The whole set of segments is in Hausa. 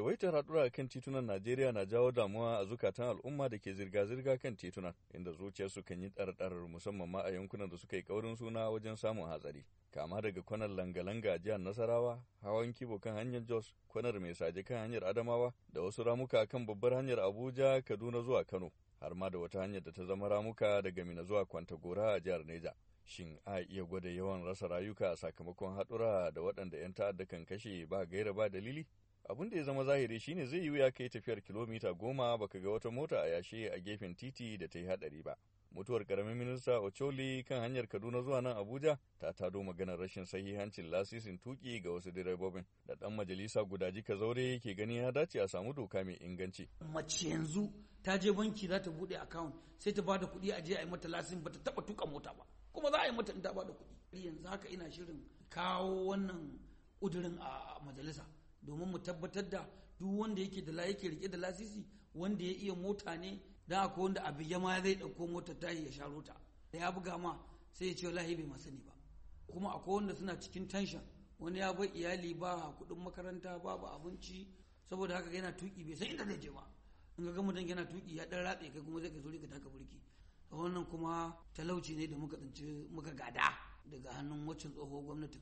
Yawaitar haɗura kan titunan Najeriya na jawo damuwa a zukatan al'umma da ke zirga-zirga kan titunan, inda zuciyarsu kan yi ɗarɗarar musamman ma a yankunan da suka yi ƙaurin suna wajen samun hatsari. Kama daga kwanar langa-langa jihar Nasarawa, hawan kibo kan hanyar Jos, kwanar mai saje kan hanyar Adamawa, da wasu ramuka kan babbar hanyar Abuja, Kaduna zuwa Kano, har ma da wata hanyar da ta zama ramuka daga Mina zuwa Kwantagora a jihar Neja. Shin a iya gwada yawan rasa rayuka sakamakon haɗura da waɗanda 'yan ta'adda kan kashe ba gaira ba dalili? abin da ya zama zahiri shine zai yi wuya kai tafiyar kilomita goma baka ga wata mota a yashe a gefen titi da ta yi hadari ba mutuwar karamin minista ocholi kan hanyar kaduna zuwa nan abuja ta tado maganar rashin sahihancin lasisin tuki ga wasu direbobin da dan majalisa guda jika zaure ke gani ya dace a samu doka mai inganci mace yanzu ta je banki za ta bude account sai ta bada kuɗi a je a yi mata lasin ba ta taba tuka mota ba kuma za a yi mata in ta bada kuɗi yanzu haka ina shirin kawo wannan ƙudurin a majalisa domin mu tabbatar da duk wanda yake da yake rike da lasisi wanda ya iya mota ne da akwai wanda abu ya ma zai ɗauko motar tahi ya sharo ta da ya buga ma sai ya ce wallahi bai masani ba kuma akwai wanda suna cikin tension wani ya bar iyali ba kuɗin makaranta babu abinci saboda haka yana tuki bai san inda zai je ba in ga mutum yana tuki ya dan ratse kai kuma zai ka zuri ka taka burki wannan kuma talauci ne da muka tsinci muka gada daga hannun waccan tsohuwar gwamnati.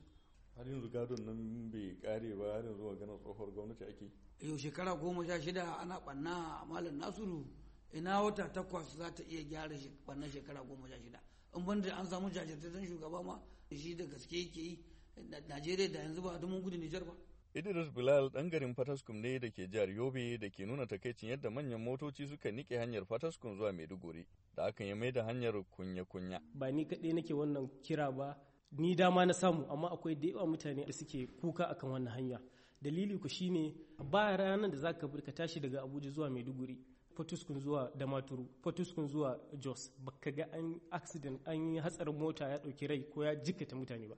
har yanzu gadon nan bai kare ba har yanzu maganar tsohuwar gwamnati ake yau shekara goma sha shida ana banna a malam nasiru ina wata takwas za ta iya gyara banna shekara goma sha shida in banda an samu jajirtattun shugaba ma shi da gaske yake yi najeriya da yanzu ba a dumin gudu nijar ba Idris Bilal dan garin Fataskum ne da ke jihar Yobe da ke nuna takaicin yadda manyan motoci suka nike hanyar Fataskum zuwa Maiduguri da aka ya mai da hanyar kunya-kunya. Ba ni kaɗai nake wannan kira ba ni dama na samu amma akwai da yawa mutane da suke kuka akan wannan hanya dalili ku shine ba ranar da zaka ka tashi daga Abuja zuwa Maiduguri potuskun zuwa damaturu potuskun zuwa jos baka ga an accident an yi hatsarin mota ya ɗauki rai ko ya jikkata mutane ba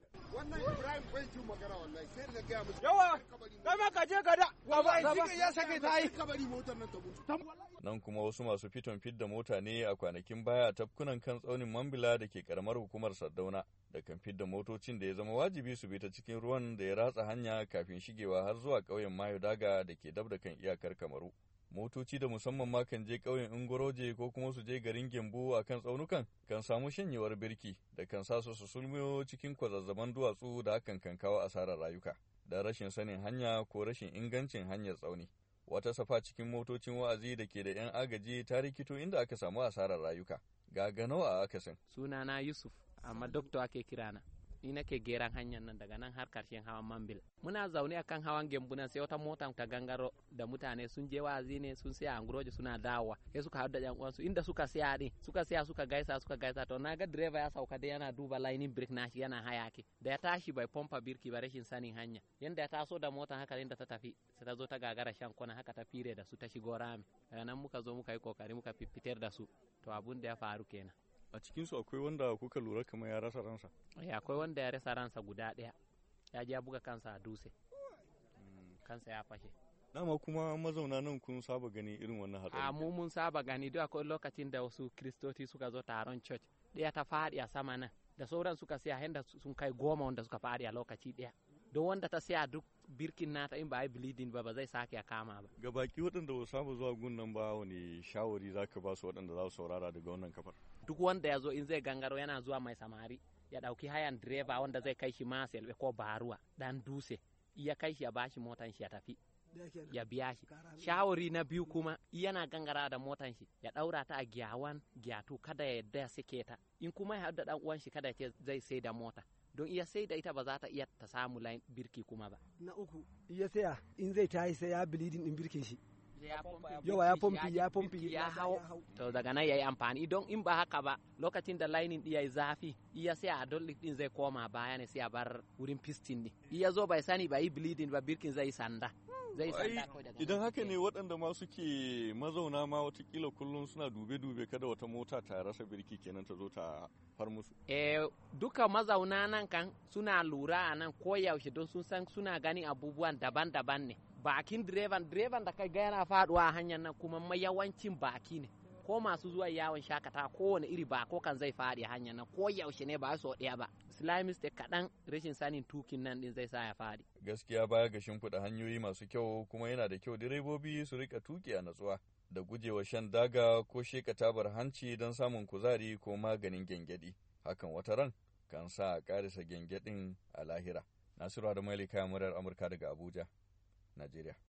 nan kuma wasu masu fiton fit da mota ne a kwanakin baya a tafkunan kan tsaunin mambila da ke karamar hukumar sardauna da kan fit da motocin da ya zama wajibi su bi ta cikin ruwan da ya ratsa hanya kafin shigewa har zuwa ƙauyen mayo daga da ke dab da kan iyakar kamaru motoci da musamman ma kan je ƙauyen ingoroje ko kuma su je garin gembu a kan tsaunukan kan samu shanyewar birki da kan sa su sulmiyo cikin kwazazzaban duwatsu da hakan kan kawo asarar rayuka da rashin sanin hanya ko rashin ingancin hanyar tsauni wata safa cikin motocin wa'azi da ke da 'yan agaji ta rikito inda aka samu asarar rayuka ga nawa a akasin sunana yusuf amma dokta ake kirana ni nake geran hanyar nan daga nan har karshen hawan mambil muna zaune a akan hawan gembu nan sai wata mota ta gangaro da mutane sun je wazi ne sun siya anguroji suna dawowa sai suka haɗu da yan uwansu inda suka siya din suka siya suka gaisa suka gaisa to na direba ya sauka dai yana duba lining brake nashi yana hayaki da ya tashi bai pompa birki ba rashin sanin hanya yanda ya taso da motan haka inda ta tafi sai ta zo ta gagara shan kwana haka ta fire da su ta shigo rami daga nan muka zo muka yi kokari muka fitar da su to abun da ya faru kenan a cikinsu akwai wanda kuka lura kamar ya rasa ransa eh, akwai wanda ya rasa ransa guda ɗaya ya ja ya buga kansa a dutse hmm. kansa ya fashe dama kuma mazauna nan kun saba gani irin wannan hatsari a mu mun saba gani duk akwai lokacin da wasu kristoti suka zo taron church ɗaya ta faɗi a sama nan da sauran suka siya yadda sun kai goma wanda suka faɗi a lokaci ɗaya don wanda ta siya duk birkin nata in ba a bleeding ba ba zai sake a kama ba. Ga baki waɗanda ba samu zuwa nan ba wani shawari za ka ba su waɗanda za su saurara daga wannan kafar. Duk wanda ya zo in zai gangaro yana zuwa mai samari ya ɗauki hayan direba wanda zai kai shi masel ko Baruwa ɗan dutse iya kai shi ya ba shi motan shi ya tafi. ya biya shi shawari na biyu kuma yana gangara da motan shi ya ɗaura ta a giyawan giyatu kada ya yadda sike ta in kuma ya haɗa ɗan uwan shi kada ya ce zai sai da mota don iya sai da ita ba za ta iya ta samu birki kuma ba na uku iya saya in zai tayi sai ya bilidin din birkin shi yawa ya pompi ya pompi ya hau to daga nan yayi amfani don in ba haka ba lokacin da lining din yayi zafi iya sai a don din zai koma baya ne sai a bar wurin piston din iya zo bai sani ba yi bleeding ba birkin zai sanda zai sanda idan haka ne waɗanda ma suke mazauna ma watakila kullum suna dube-dube kada wata mota ta rasa birki kenan ta zo ta far musu eh duka mazauna nan kan suna lura a nan ko yaushe don sun san suna ganin abubuwan daban-daban ne bakin direban direban da kai ga yana faduwa hanyar nan kuma yawancin baki ne ko masu zuwa yawon shakata kowane iri ba ko kan zai faɗi hanyar nan ko yaushe ne ba su ɗaya ba da kaɗan rashin sanin tukin nan din zai sa ya faɗi gaskiya baya ga shimfiɗa hanyoyi masu kyau kuma yana da kyau direbobi su rika tuki a natsuwa da gujewa shan daga ko sheka tabar hanci don samun kuzari ko maganin gyangyaɗi hakan wata ran kan sa a ƙarisa gyangyaɗin a lahira nasiru da malika murar amurka daga abuja Najeriya.